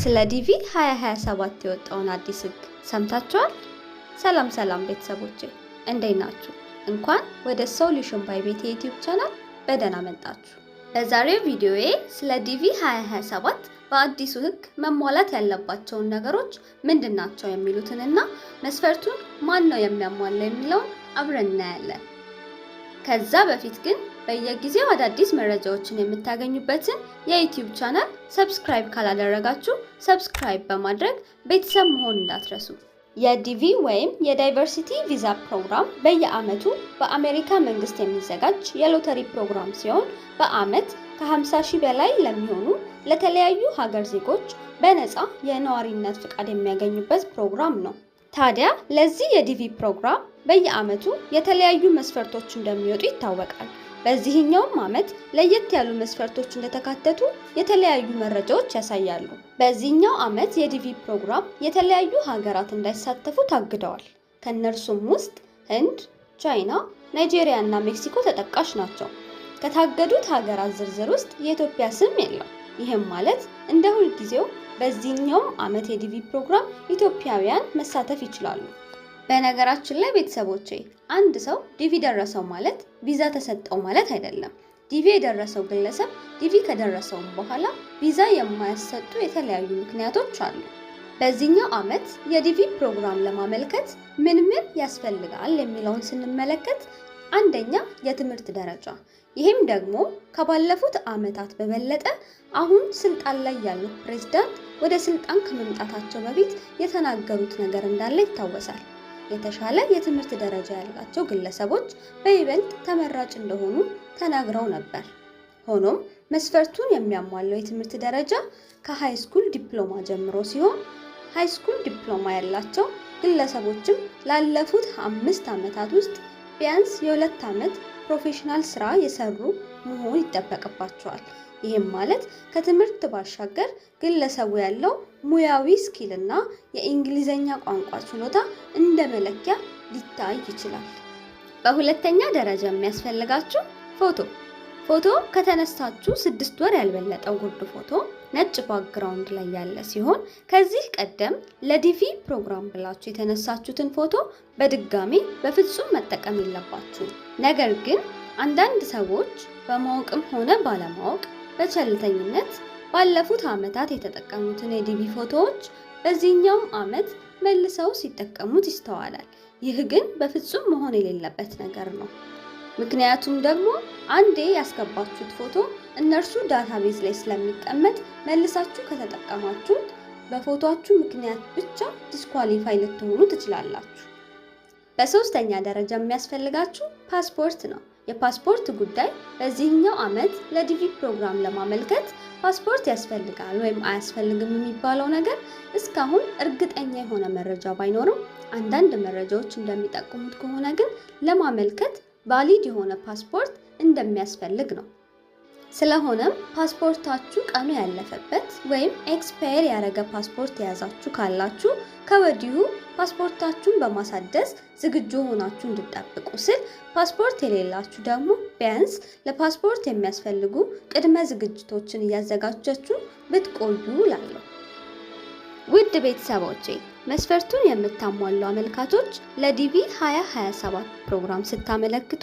ስለ ዲቪ 2027 የወጣውን አዲስ ህግ ሰምታችኋል? ሰላም ሰላም ቤተሰቦቼ እንዴት ናችሁ? እንኳን ወደ ሰው ባይ ቤት የዩቲዩብ ቻናል በደህና መጣችሁ። በዛሬው ቪዲዮዬ ስለ ዲቪ 2027 በአዲሱ ህግ መሟላት ያለባቸውን ነገሮች ምንድን ናቸው የሚሉትንና መስፈርቱን ማን ነው የሚያሟላ የሚለውን አብረን እናያለን። ከዛ በፊት ግን በየጊዜው አዳዲስ መረጃዎችን የምታገኙበትን የዩቲዩብ ቻናል ሰብስክራይብ ካላደረጋችሁ ሰብስክራይብ በማድረግ ቤተሰብ መሆን እንዳትረሱ። የዲቪ ወይም የዳይቨርሲቲ ቪዛ ፕሮግራም በየዓመቱ በአሜሪካ መንግስት የሚዘጋጅ የሎተሪ ፕሮግራም ሲሆን በዓመት ከ50 ሺህ በላይ ለሚሆኑ ለተለያዩ ሀገር ዜጎች በነፃ የነዋሪነት ፍቃድ የሚያገኙበት ፕሮግራም ነው። ታዲያ ለዚህ የዲቪ ፕሮግራም በየዓመቱ የተለያዩ መስፈርቶች እንደሚወጡ ይታወቃል። በዚህኛውም ዓመት ለየት ያሉ መስፈርቶች እንደተካተቱ የተለያዩ መረጃዎች ያሳያሉ። በዚህኛው ዓመት የዲቪ ፕሮግራም የተለያዩ ሀገራት እንዳይሳተፉ ታግደዋል። ከእነርሱም ውስጥ ህንድ፣ ቻይና፣ ናይጄሪያ እና ሜክሲኮ ተጠቃሽ ናቸው። ከታገዱት ሀገራት ዝርዝር ውስጥ የኢትዮጵያ ስም የለም። ይህም ማለት እንደ ሁልጊዜው በዚህኛውም ዓመት የዲቪ ፕሮግራም ኢትዮጵያውያን መሳተፍ ይችላሉ። በነገራችን ላይ ቤተሰቦቼ አንድ ሰው ዲቪ ደረሰው ማለት ቪዛ ተሰጠው ማለት አይደለም። ዲቪ የደረሰው ግለሰብ ዲቪ ከደረሰውም በኋላ ቪዛ የማያሰጡ የተለያዩ ምክንያቶች አሉ። በዚህኛው ዓመት የዲቪ ፕሮግራም ለማመልከት ምን ምን ያስፈልጋል የሚለውን ስንመለከት አንደኛ የትምህርት ደረጃ፣ ይህም ደግሞ ከባለፉት ዓመታት በበለጠ አሁን ስልጣን ላይ ያሉት ፕሬዝዳንት ወደ ስልጣን ከመምጣታቸው በፊት የተናገሩት ነገር እንዳለ ይታወሳል። የተሻለ የትምህርት ደረጃ ያላቸው ግለሰቦች በይበልጥ ተመራጭ እንደሆኑ ተናግረው ነበር። ሆኖም መስፈርቱን የሚያሟላው የትምህርት ደረጃ ከሃይ ስኩል ዲፕሎማ ጀምሮ ሲሆን ሃይ ስኩል ዲፕሎማ ያላቸው ግለሰቦችም ላለፉት አምስት ዓመታት ውስጥ ቢያንስ የሁለት ዓመት ፕሮፌሽናል ስራ የሰሩ መሆን ይጠበቅባቸዋል። ይህም ማለት ከትምህርት ባሻገር ግለሰቡ ያለው ሙያዊ ስኪልና የእንግሊዘኛ ቋንቋ ችሎታ እንደ መለኪያ ሊታይ ይችላል። በሁለተኛ ደረጃ የሚያስፈልጋችሁ ፎቶ። ፎቶ ከተነሳችሁ ስድስት ወር ያልበለጠው ጉርድ ፎቶ ነጭ ባክግራውንድ ላይ ያለ ሲሆን ከዚህ ቀደም ለዲቪ ፕሮግራም ብላችሁ የተነሳችሁትን ፎቶ በድጋሚ በፍጹም መጠቀም የለባችሁ። ነገር ግን አንዳንድ ሰዎች በማወቅም ሆነ ባለማወቅ በቸልተኝነት ባለፉት ዓመታት የተጠቀሙትን የዲቪ ፎቶዎች በዚህኛውም ዓመት መልሰው ሲጠቀሙት ይስተዋላል። ይህ ግን በፍጹም መሆን የሌለበት ነገር ነው። ምክንያቱም ደግሞ አንዴ ያስገባችሁት ፎቶ እነርሱ ዳታቤዝ ላይ ስለሚቀመጥ መልሳችሁ ከተጠቀማችሁት በፎቶችሁ ምክንያት ብቻ ዲስኳሊፋይ ልትሆኑ ትችላላችሁ። በሶስተኛ ደረጃ የሚያስፈልጋችሁ ፓስፖርት ነው። የፓስፖርት ጉዳይ በዚህኛው ዓመት ለዲቪ ፕሮግራም ለማመልከት ፓስፖርት ያስፈልጋል ወይም አያስፈልግም የሚባለው ነገር እስካሁን እርግጠኛ የሆነ መረጃ ባይኖርም አንዳንድ መረጃዎች እንደሚጠቁሙት ከሆነ ግን ለማመልከት ቫሊድ የሆነ ፓስፖርት እንደሚያስፈልግ ነው። ስለሆነም ፓስፖርታችሁ ቀኑ ያለፈበት ወይም ኤክስፓየር ያደረገ ፓስፖርት የያዛችሁ ካላችሁ ከወዲሁ ፓስፖርታችሁን በማሳደስ ዝግጁ ሆናችሁ እንድጠብቁ ስል፣ ፓስፖርት የሌላችሁ ደግሞ ቢያንስ ለፓስፖርት የሚያስፈልጉ ቅድመ ዝግጅቶችን እያዘጋጃችሁ ብትቆዩ ላለሁ ውድ ቤተሰቦቼ መስፈርቱን የምታሟሉ አመልካቾች ለዲቪ 2027 ፕሮግራም ስታመለክቱ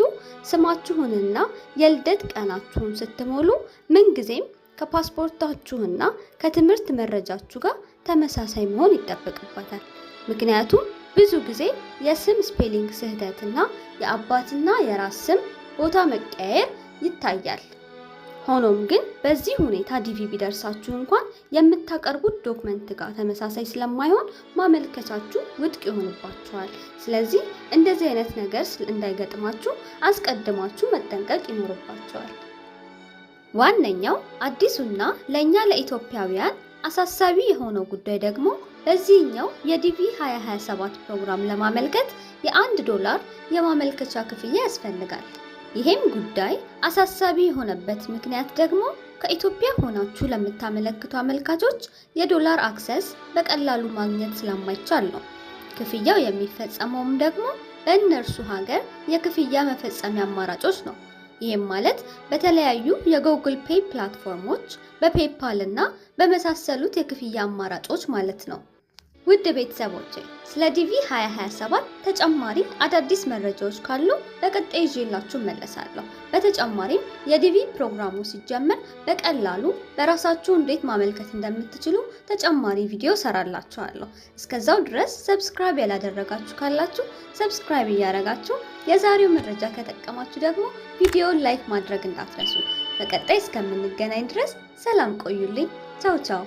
ስማችሁንና የልደት ቀናችሁን ስትሞሉ ምንጊዜም ከፓስፖርታችሁና ከትምህርት መረጃችሁ ጋር ተመሳሳይ መሆን ይጠበቅበታል። ምክንያቱም ብዙ ጊዜ የስም ስፔሊንግ ስህተትና የአባትና የራስ ስም ቦታ መቀየር ይታያል። ሆኖም ግን በዚህ ሁኔታ ዲቪ ቢደርሳችሁ እንኳን የምታቀርቡት ዶክመንት ጋር ተመሳሳይ ስለማይሆን ማመልከቻችሁ ውድቅ ይሆንባችኋል። ስለዚህ እንደዚህ አይነት ነገር እንዳይገጥማችሁ አስቀድማችሁ መጠንቀቅ ይኖርባችኋል። ዋነኛው አዲሱና ለእኛ ለኢትዮጵያውያን አሳሳቢ የሆነው ጉዳይ ደግሞ በዚህኛው የዲቪ 2027 ፕሮግራም ለማመልከት የአንድ ዶላር የማመልከቻ ክፍያ ያስፈልጋል። ይሄም ጉዳይ አሳሳቢ የሆነበት ምክንያት ደግሞ ከኢትዮጵያ ሆናችሁ ለምታመለክቱ አመልካቾች የዶላር አክሰስ በቀላሉ ማግኘት ስለማይቻል ነው። ክፍያው የሚፈጸመውም ደግሞ በእነርሱ ሀገር የክፍያ መፈጸሚያ አማራጮች ነው። ይህም ማለት በተለያዩ የጉግል ፔይ ፕላትፎርሞች፣ በፔፓል እና በመሳሰሉት የክፍያ አማራጮች ማለት ነው። ውድ ቤተሰቦች ስለ ዲቪ 2027 ተጨማሪ አዳዲስ መረጃዎች ካሉ በቀጣይ ይዤላችሁ መለሳለሁ። በተጨማሪም የዲቪ ፕሮግራሙ ሲጀመር በቀላሉ በራሳችሁ እንዴት ማመልከት እንደምትችሉ ተጨማሪ ቪዲዮ ሰራላችኋለሁ። እስከዛው ድረስ ሰብስክራይብ ያላደረጋችሁ ካላችሁ ሰብስክራይብ እያደረጋችሁ የዛሬው መረጃ ከጠቀማችሁ ደግሞ ቪዲዮውን ላይክ ማድረግ እንዳትረሱ። በቀጣይ እስከምንገናኝ ድረስ ሰላም ቆዩልኝ። ቻው ቻው